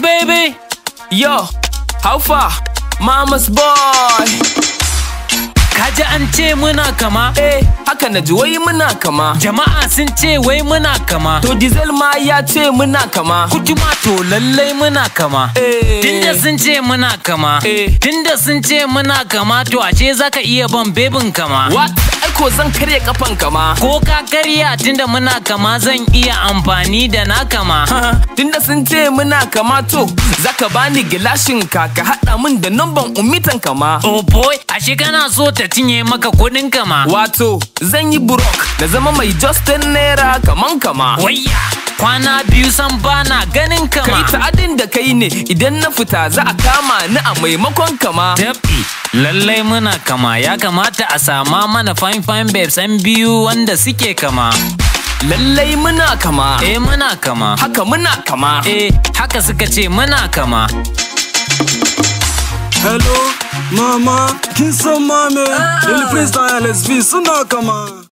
baby. Yo, how far? Mama's boy. Kaji an ce muna kama, eh, haka na ji wai muna kama. Jama'a sun ce wai muna kama, to diesel ma ya ce muna kama. Kutuma to lallai muna kama. Eh. Tunda sun ce muna kama, eh. Tunda sun ce muna kama, to ashe zaka iya ban bebin kama. What? ko zan karya kafan kama ko ka karya tunda muna kama zan iya amfani da na kama tunda sun ce muna kama to zaka bani gilashin ka ka hada min da namban umitan kama oh boy ashe kana so ta cinye maka kuɗin kama wato zan yi brok na zama mai justin naira kaman kama wayya kwana biyu san bana ganin kama kai ta adin da kai ne idan na fita za a kama ni a maimakon kama Dab'i lallai muna kama ya kamata a sama mana fine fine babes an biyu wanda suke kama lallai muna kama eh muna kama haka muna kama eh haka suka ce muna kama hello mama kin san mame uh ah. -uh. il freestyle sv suna kama